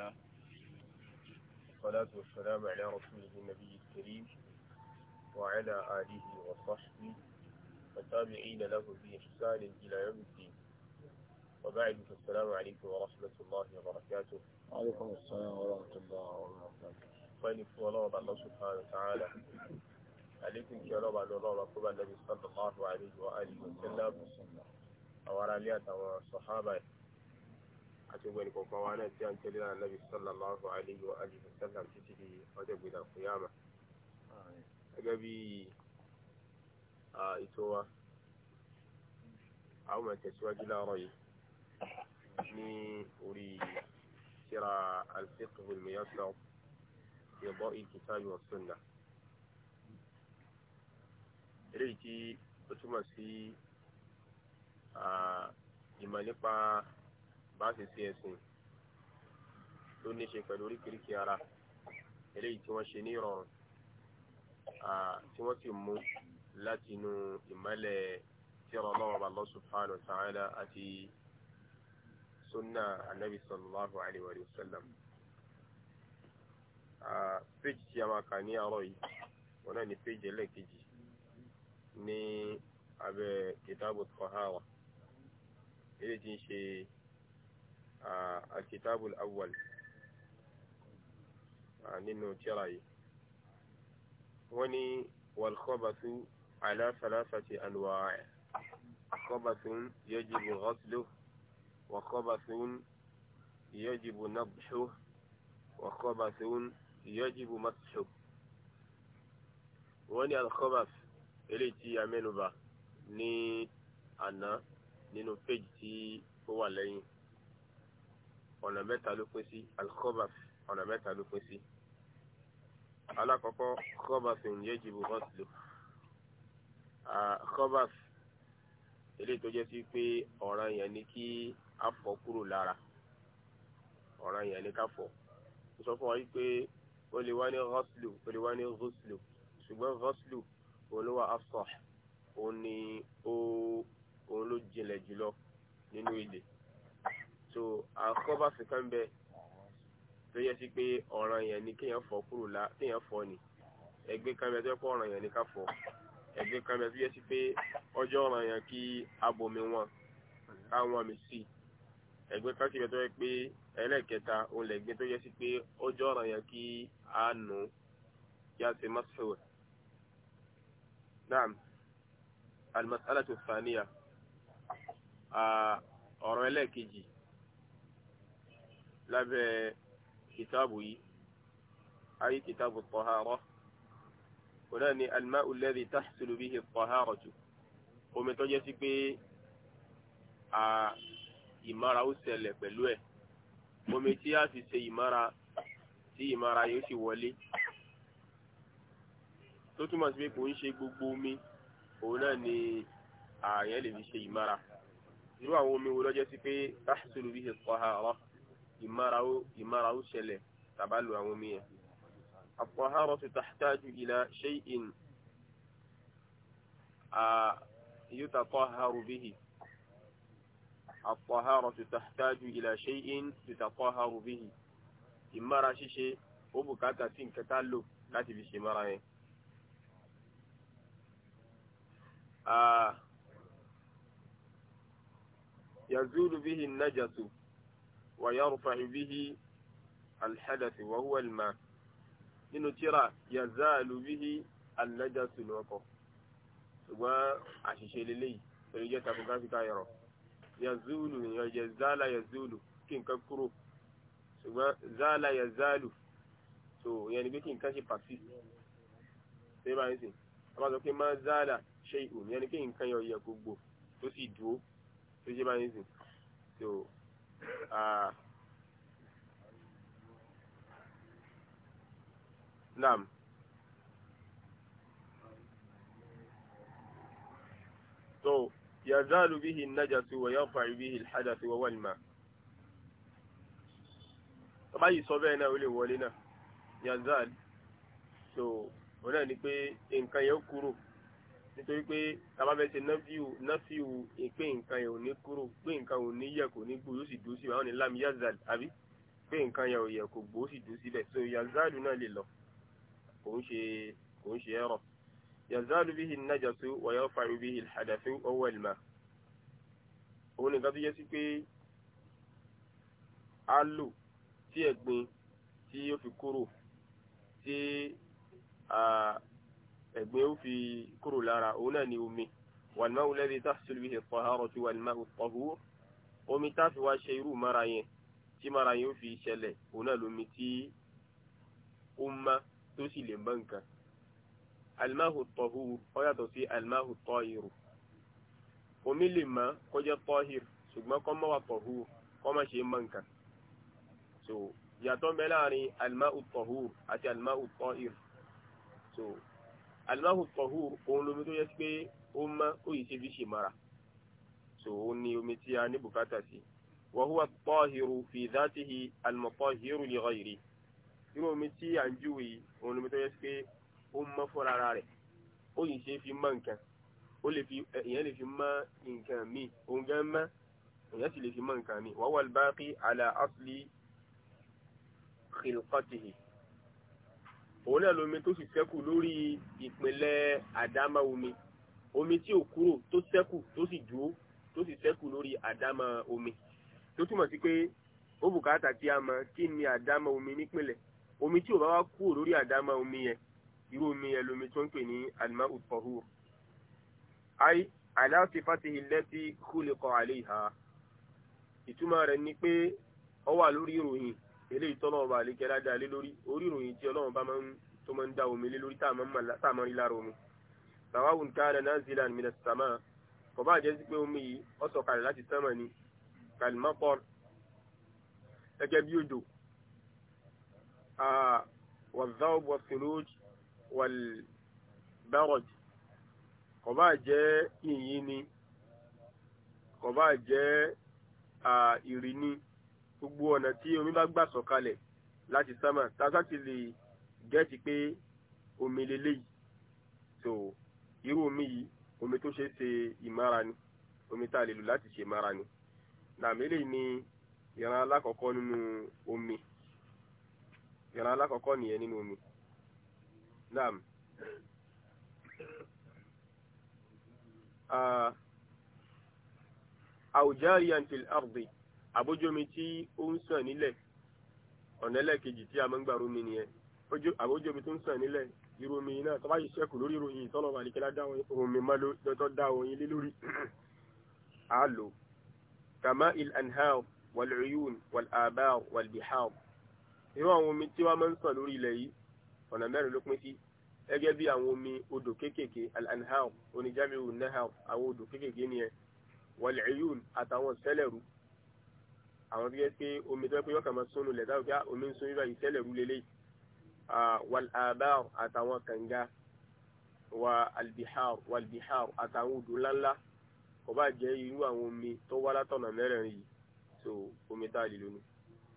الله والصلاة والسلام على رسوله النبي الكريم وعلى آله وصحبه والتابعين له بإحسان إلى يوم الدين وبعد فالسلام عليكم ورحمة الله وبركاته وعليكم السلام ورحمة الله وبركاته خير ورحمة الله سبحانه وتعالى عليكم يا رب الله رب النبي صلى الله عليه وآله وسلم وعلى آله وصحابه àti gbogbo ẹnì kọ̀ọ̀kan wa náà tí a ń tẹ̀lé náà nàbì sallallahu alayhi wa alihi wa sallam títí di ọjọ́ ìgbéra kìyàmà. gẹ́gẹ́ bí ètò wa a ó máa tẹ̀síwájú láàárọ̀ yìí ní orí síra al-fiqh al-muyassar fi eléyìí tí ó túmọ̀ sí ìmọ̀ nípa bá ṣe ṣe ẹ̀sìn tó ní ṣe pẹ̀lú oríkèéríkèé ara eléyìí tí wọ́n ṣe ní ìrọ̀rùn tí wọ́n sì mú láti inú ìmọ́lẹ̀ tírà Ọlọ́run Allah subhanahu wa ta'ala àti sunna anabi sallallahu alayhi wa sallam. péjì tí a máa kà ní àárọ̀ yìí wọn náà ní péjì ẹlẹ́ẹ̀kejì ní abẹ́ kitabu tahawa eléyìí tí ń ṣe. الكتاب الأول nínú tíra yìí wọ́n ní wàlkọ́bàtú aláfàlásàtì anwaaẹ̀ kọ́bàtún yẹ́jìbù ọ́sùlù wàkọ́bàtún yẹ́jìbù nàbṣù wàkọ́bàtún yẹ́jìbù mọ́sùlù wọ́n ní alkọ́bàt eléyìí tí a mẹ́nuba ní àná nínú péjì tí ó wà lẹ́yìn ọ̀nà mẹ́ta ló pín sí alkhobath ọ̀nà mẹ́ta ló pín sí. alákọ̀ọ́kọ́ khobath ń yẹ jìbù hoslo khobath eléyìí tó jẹ́ sí pé ọ̀ràn yẹn ni kí a fọ̀ kúrò lára ọ̀ràn yẹn ni ká fọ̀ ó sọ fún wa wípé ó lè wá ní hoslo ó lè wá ní hoslo ṣùgbọ́n hoslo òun ló wà afsah òun ni ó òun ló jinlẹ̀ jùlọ nínú ilé. so àkọ́bà fìkan bẹ tó yẹ sí pé ọ̀ràn ni kéèyàn fọ kúrò la fọ ni ẹgbẹ́ kan bẹ tó yẹ kó ni ká fọ ẹgbẹ́ kan bẹ tó yẹ sí pé ọjọ́ ọ̀ràn yẹn kí abomi wọn káwọn mi sí ẹgbẹ́ kan sì bẹ tó yẹ pé ẹlẹ́ẹ̀kẹta òun tó yẹ sí pé ọjọ́ ọ̀ràn yẹn kí a nù kí a lábẹ́ kìtàbù yìí ayé kìtàbù tọ́hárọ́ kódà ní alma'u alladhi tahsulu bihi at-taharatu omi tó jẹ́ sí pé a ìmára ó ṣẹlẹ̀ pẹ̀lú ẹ̀ omi tí a sì ṣe ìmára tí ìmára yóò sì wọlé tó túmọ̀ sí pé kò ń ṣe gbogbo omi òun náà ni ààyàn fi ṣe ìmára irú àwọn omi wo ló sí pé tahsulu bihi at ìmárawó ìmárawó ṣẹlẹ̀ tàbá lu àwọn omi yẹn. at-taharatu tahtaju ila shay'in yutataharu bihi at-taharatu tahtaju ila shay'in yutataharu bihi ìmára ṣíṣe ó bùkátà sí nǹkan lò láti fi ṣe mára yẹn. yazulu bihi najasu ويرفع به الحدث وهو الماء nínú tíra yazalu bihi annajasu lọ́kọ̀ ṣùgbọ́n àṣìṣe lélẹ́yìí pẹ̀lú jẹ́ takográfíkà ẹ̀rọ yazulu èèyàn jẹ́ zala yazulu kí nǹkan kúrò ṣùgbọ́n zala yazalu tó ìyẹn ni pé kí nǹkan ṣe pàṣí ṣé báyìí sìn ọba sọ pé máa zala ṣe ìhùn ìyẹn ni pé nǹkan yọ ìyẹn gbogbo tó sì dúró tó ṣe báyìí sìn tó. Ah. naam. So, يزال به النجس ويرفع به الحدث وهو الماء tọ́bá yìí sọ bẹ́ẹ̀ náà ó lè wọlé náà yazal so ọ̀nà ni pé nǹkan yẹn ó nítorí pé tàbá fẹ́ ṣe nọ́fíù nọ́fíù pé nǹkan yẹn ò ní kúrò pé nǹkan ò ní yẹ kò ní gbó yóò sì dúró síbẹ̀ àwọn ní lam yazal àbí pé nǹkan yẹn ò yẹ kò gbó sì dúró síbẹ̀ so yazadu náà lè lọ kò ń ṣe kò ń ṣe ẹ̀rọ yazalu bihi najasu wa yarfa'u bihi alhadathu awwal ma òun nìkan tó yẹ sí pé a lò tí ẹ̀gbin tí yóò fi kúrò ẹ̀gbin ó fi kúrò lára òun náà ni omi wàlmáwù lẹ́bi tahsul bihi at-taharatu wàlmáwù tahur omi tá a fi wá ṣe irú mara yẹn tí mara yẹn ó fi ṣẹlẹ̀ òun náà lómi tí ó má tó sì lè mọ́ nǹkan almahu tahur ó yàtọ̀ sí almahu tahiru omi lè má kó jẹ́ ṣùgbọ́n kó má wà tahur kó má ṣe mọ́ nǹkan so yàtọ̀ ń bẹ láàrin almahu tahur àti almahu tahir so alimahu tọhúr òun lomi tó yẹ pé ó má ó yìí ṣe fi ṣe mara so ó ní omi tí a ní bùkátà sí wàhúwà tọ́hìrù fi dhatihi alimọ̀tọ́hìrù li ghayri irú omi tí à ń júwe yìí lomi tó yẹ pé ó má fúnra ara ó yìí ṣe fi má nǹkan ó lè fi èèyàn lè fi má nǹkan míì òun gan má èèyàn sì lè fi má nǹkan míì wàhúwà báàkì àlà asli khilqatihi òun náà lomi tó sì ṣẹ́kù lórí ìpínlẹ̀ àdámà omi omi tí ò kúrò tó ṣẹ́kù tó sì dúró tó sì ṣẹ́kù lórí àdámà omi tó túmọ̀ sí pé ó bùkátà kí a mọ̀ kí ni àdámà omi nípìnlẹ̀ omi tí ò bá wá kúrò lórí àdámà omi yẹn irú omi yẹn lomi tó ń pè ní alimá òtọ́hù ayi aláṣifáti lẹ́tí kúlẹ̀kọ̀ àlẹ́ ìhà ìtumọ̀ rẹ̀ ni pé ó wà ìròyìn eléyìí tọ́lọ́ ọba àlékẹ́ ládàá lé lórí orí ìròyìn tí ọlọ́run bá máa ń tó máa ń dá omi lé lórí tá rí lára omi sàwáwùn káàdà nazilan minas sama kò bá jẹ́ sí pé omi yìí ó sọ̀kalẹ̀ láti sánmà ni kalimapor gẹ́gẹ́ bí odò wàzáwọ̀ bọ̀ fìrúj wàlbárọ̀j kò bá jẹ́ yìnyín ni kò jẹ́ ìrì ni gbogbo ọ̀nà tí omi bá gbà sọ̀kalẹ̀ láti sámà tásá ti lè gẹ́ẹ̀tì pé omi leléyìí so irú omi yìí omi tó ṣe é ṣe ìmára ni omi tá a lè lò láti ṣe ìmára ni nàmì eléyìí ni ìran alákọ̀ọ́kọ́ nínú omi ìran alákọ̀ọ́kọ́ nìyẹn nínú omi nam àwùjáríyàn fil ardi àbójómi tí ó ń sàn nílẹ̀ ọ̀nà ẹlẹ́ẹ̀kejì tí a máa ń gbà rómi nìyẹn àbójómi tó ń sàn nílẹ̀ irú omi náà tó bá yìí ṣẹ́kù lórí ìròyìn ìtọ́nà àdìkẹ́lá dá omi má lọ́tọ́ dá oyin lé lórí a lò kàmá il anhar wal uyun wal abar wal bihar irú àwọn omi tí wọ́n máa ń sàn lórí ilẹ̀ yìí ọ̀nà mẹ́rin ló pín sí gẹ́gẹ́ bí àwọn omi odò kéékèèké al-anhar oníjàmíhù nahar àwọn odò kéékèèké nìyẹn wal uyun àtàwọn sẹ́lẹ̀rú àwọn tó yẹ pé omi tó yẹ pé yọkàn máa sónú lẹ̀ táwọn pé ah, omi ń sún yíra yìí tẹ́lẹ̀ rú lélẹ̀ ah, wàlàbà àtàwọn kànga wa albihar walbihar àtàwọn odò ńláńlá kò bá jẹ́ irú àwọn omi tó wá látọ̀nà mẹ́rẹ̀ẹ̀rin yìí so omi tá a lè lónìí.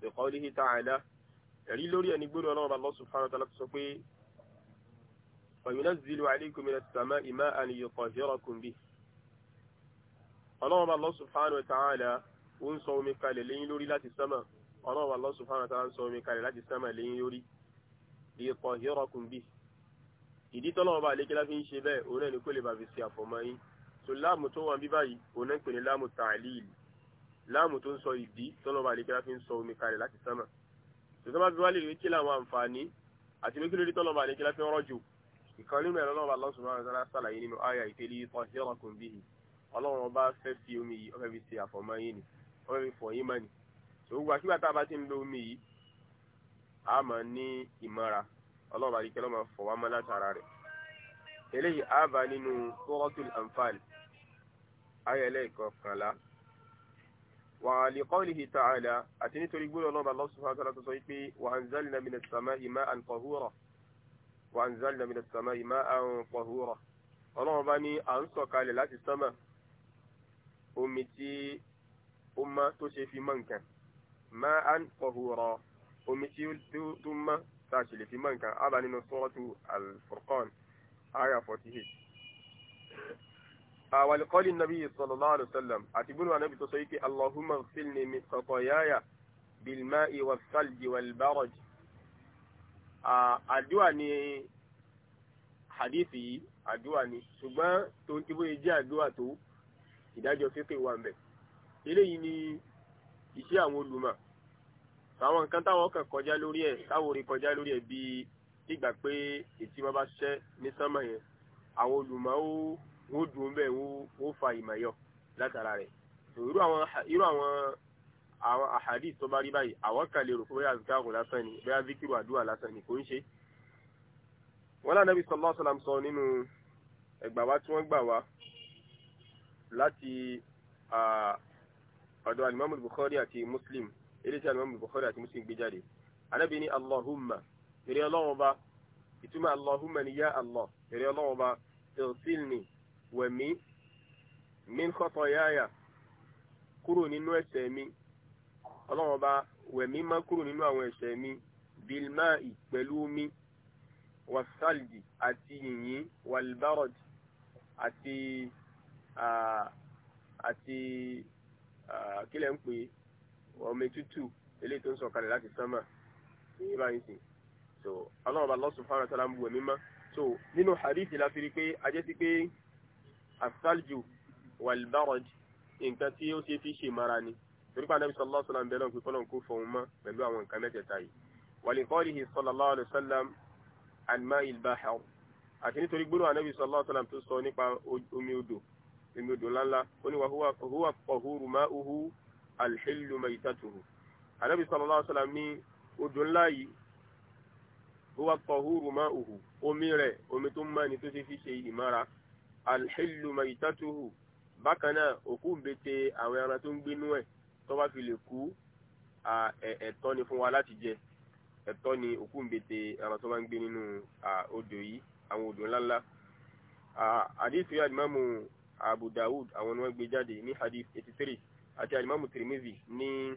biqawlihi ta'ala ẹ̀rí lórí ẹni gbọ́dọ̀ ọlọ́run Allah subhanahu wa ta'ala sọ pé wa yunazzilu alaykum minas sama'i ma'an liyutahhirakum bihi. ọlọ́run Allah subhanahu wa ta'ala ó ń sọ omi kalẹ̀ lẹ́yìn lórí láti sánmà ọlọ́run Allah subhanahu wa ta'ala ń sọ omi kalẹ̀ láti sánmà lẹ́yìn lórí ìkọ̀ hírọ̀kùn bíi ìdí tọ́lọ́run bá lékelá fi ń ṣe bẹ́ẹ̀ òun náà ni kó lè bàbí ṣe àfọ̀mọ́ yín so láàmù tó wà ń bí báyìí òun náà ń pè ní láàmù ta'lil láàmù tó ń sọ ìdí tọ́lọ́run bá lékelá fi ń sọ omi kalẹ̀ láti sánmà tòtọ́ bá fi wá lè làwọn àǹfààní àti pé kí ló dé tọ́lọ́run bá ń rọ́jò ìkan nínú ẹ̀rọ lọ́wọ́ Allah subhanahu wa sàlàyé nínú àyà ìfẹ́lẹ́ ìtọ́ hírọ̀kùn bíi ọlọ́run ọba fẹ́ fi omi yìí ọ wọ́n fi fọ̀ yín mọ́ ni ṣòwò àkígbà tá a bá ti ń lo omi yìí a máa ní ìmọ̀ra ọlọ́run àdìkẹ́ lọ́mọ fọ̀ wá mọ́ látara rẹ̀ eléyìí a bá nínú suratul anfal ayẹlẹ́ ìkọkànlá wà á lè kọ́lì hì ta'ala àti nítorí gbọ́dọ̀ ọlọ́run Allah subhanahu wa ta'ala tó sọ pé wa anzalna minas sama'i ma'an tahura wa anzalna minas sama'i ma'an tahura ọlọ́run bá ní à ń sọ̀kalẹ̀ láti sánmà omi tí ó mọ́ tó ṣe fi mọ́ nǹkan máa án kọ̀hùrọ̀ omi tí tó mọ́ tá a ṣe lè fi mọ́ nǹkan á bá nínú suratu al-Furqan aya 48 ولقول النبي صلى الله عليه وسلم أتبنوا النبي تصيكي اللهم اغسلني من خطاياي بالماء والثلج والبرج àdúà ni hadith yìí àdúà ni ṣùgbọ́n tó ń tí bóyá jẹ́ àdúà tó ìdájọ́ fífẹ́ wà ń eléyìí ni iṣẹ́ àwọn olùmọ̀ àwọn nǹkan táwọn kan kọjá lórí ẹ̀ táwọn orí kọjá lórí ẹ̀ bí ìgbà pé ètí wọn bá ṣẹ́ ní sánmà yẹn àwọn olùmọ̀ ó wọ́n dùn ún bẹ́ẹ̀ wọ́n fa ìmọ̀ yọ látara rẹ̀ irú àwọn irú àwọn àwọn àhàdí tó bá rí báyìí àwọn kan lè rò pé bóyá zikarun lásán ni bóyá zikiru àdúrà lásán ni kò ń ṣe. wọn lànà bí sallallahu alaihi sọ nínú ẹgbàá wa tí wọ́n gbà wá láti ọ̀dọ̀ alimami bukhari àti muslim eléyìí tí alimami bukhari àti muslim gbé jáde anábì ní allahumma èrè ọlọ́wọ́ bá ìtumọ̀ allahumma ni yá allah èrè ọlọ́wọ́ bá ilsilni wẹ̀mí min khotoyaya kúrò nínú ẹ̀ṣẹ̀ mi ọlọ́wọ́ bá wẹ̀mí má kúrò nínú àwọn ẹ̀ṣẹ̀ mi bilma'i pẹ̀lú omi wasalji àti yìnyín walbarod àti àti kílẹ̀ ń pè ọmọ tútù eléyìí tó ń sọ̀kalẹ̀ láti sánmà èyí bá ń sìn so ọlọ́run bá lọ́sùn fún àwọn tọ́lá ń bu ẹ̀mí mọ́ so nínú hadith la fi rí pé ajẹ́ sí pé asalju walbarod nǹkan tí ó ṣe fi ṣe mara ni torí pé anabi sallallahu alaihi wasallam bẹ́ẹ̀ náà pé fọlọ́n kó fọ̀hún mọ́ pẹ̀lú àwọn nǹkan mẹ́tẹ̀ẹ̀ta yìí wàlíkọ́lìhì sallallahu alaihi wasallam anma ilbahar àti nítorí gbólóhùn anabi sallallahu alaihi wasallam tó sọ nípa omi inú odò ńláńlá ó ní wàhúwà pọ̀húrù máa uhu alhilu maitatuhu anabi sallallahu alaihi wasallam ní odò ńlá yìí wàhúwà pọ̀húrù máa uhu omi rẹ̀ omi tó máa ní tó ṣe fi ṣe ìmára alhilu maitatuhu bákan náà òkú bete àwọn ẹran tó ń gbénú ẹ̀ tó bá fi lè kú ẹ̀tọ́ ni fún wa láti jẹ ẹ̀tọ́ ni òkú bete ẹran tó bá ń gbé nínú odò yìí àwọn odò ńláńlá àdìsí àdìmọ́mù abu dawud àwọn ni wọ́n gbé jáde ní hadith 83 àti alimamu tirimizi ní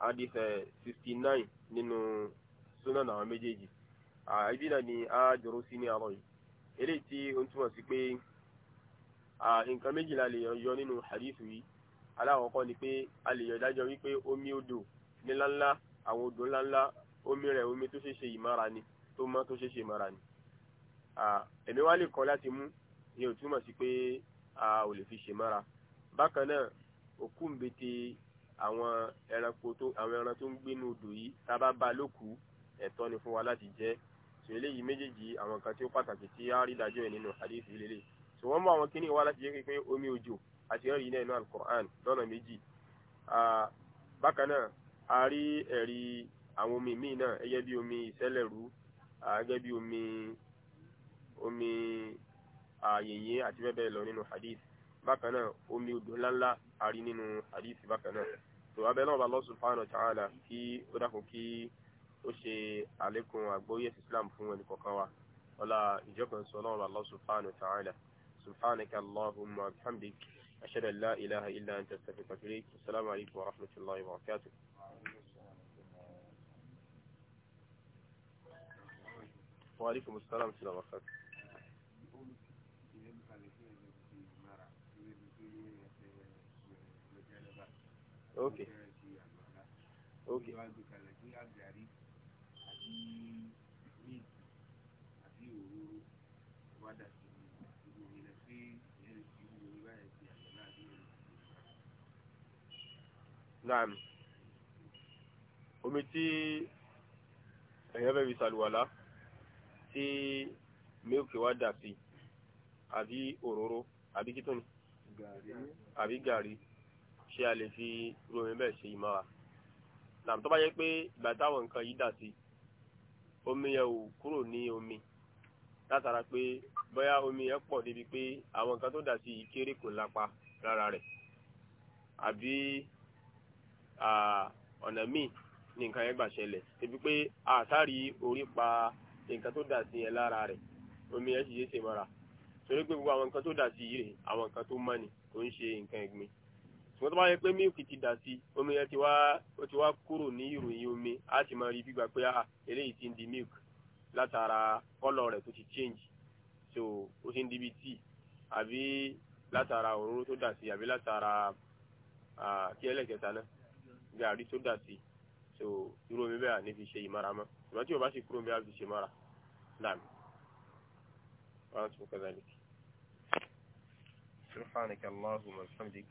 hadith 69 eh, nínú sunan àwọn méjèèjì ibi ni a dúró sí ní àárọ̀ yìí eléyìí tí ó ń túmọ̀ sí pé nǹkan méjìlá lè yọ nínú hadith yìí alákọ̀ọ́kọ́ ni pé a lè yọ ìdájọ́ wípé omi odò níláńlá àwọn odò ńláńlá omi rẹ̀ omi tó ṣeéṣe ìmára ni tó mọ́ tó ṣeéṣe ìmára ni èmi wá lè kọ́ láti mú ní o túmọ̀ sí pé a ò lè fi ṣe mọ́ra bákan náà òkú ń bete àwọn ẹranko tó àwọn ẹran tó ń gbénu odò yìí tá a bá ba lóku ẹ̀tọ́ ni fún wa láti jẹ sọ eléyìí méjèèjì àwọn nǹkan tí ó pàtàkì tí a rí dájọ́ ẹ̀ nínú àdéhùn lélẹ̀ sọ wọ́n mú àwọn kíní wá láti jẹ́ pé omi òjò àti ẹ̀rí náà inú alukoran lọ́nà méjì bákan náà a rí ẹ̀rí àwọn omi míì náà ẹ̀yẹ́ bí omi ìṣẹ̀lẹ̀rú gẹ́gẹ́ bí omi omi àyèyé àti bẹ́ẹ̀ bẹ́ẹ̀ lọ nínú hadith bákan náà omi odò ńláńlá a rí nínú hadith bákan náà tó abẹ́ náà bá Allah subhanahu wa ta'ala kí ó dákun kí ó ṣe àlékún àgbóyè islam fún ẹnì kọ̀ọ̀kan wa ọlá ìjọkan sọ náà bá Allah subhanahu wa ta'ala subhanaka allahumma bihamdik ashhadu an la ilaha illa anta astaghfiruka wa atubu assalamu alaykum wa rahmatullahi wa barakatuh وعليكم السلام ورحمة الله وبركاته ok ok naam omi tí èèyàn fẹ́ fi ṣàlùwàlá tí mílkì wá dà sí àbí òróró àbí kí tó ni àbí gàrí ṣé a lè fi romi bẹ́ẹ̀ ṣe ìmọ́ra làm tó bá yẹ pé ìgbà táwọn nǹkan yìí dà sí omi yẹn ò kúrò ní omi látara pé bóyá omi yẹn pọ̀ débi pé àwọn nǹkan tó dà sí yìí kéré kò lápa lára rẹ̀ àbí ọ̀nà míì ni nǹkan yẹn gbà ṣẹlẹ̀ débi pé àtàrí orí pa nǹkan tó dà sí yẹn lára rẹ̀ omi yẹn sì yé ṣe mọ́ra torí pé gbogbo àwọn nǹkan tó dà sí yìí rè àwọn nǹkan tó mọ́ ni kò ń ṣe nǹkan ẹ̀gbin ṣùgbọ́n tó bá yẹ pé mílìkì ti dà sí omi yẹn ti wá ó ti wá kúrò ní ìròyìn omi á sì máa rí gbígbà pé ah, eléyìí ti ń di milk látara kọ́lọ̀ rẹ̀ tó ti change so ó ti ń di bíi tíì àbí látara òróró tó dà sí àbí látara kí ẹlẹ́kẹta náà gàrí tó dà sí so irú omi bẹ́ẹ̀ ní fi ṣe ìmára mọ́ ṣùgbọ́n tí o bá sì kúrò bí a fi ṣe ìmára láàmì. وأنتم كذلك سبحانك اللهم وبحمدك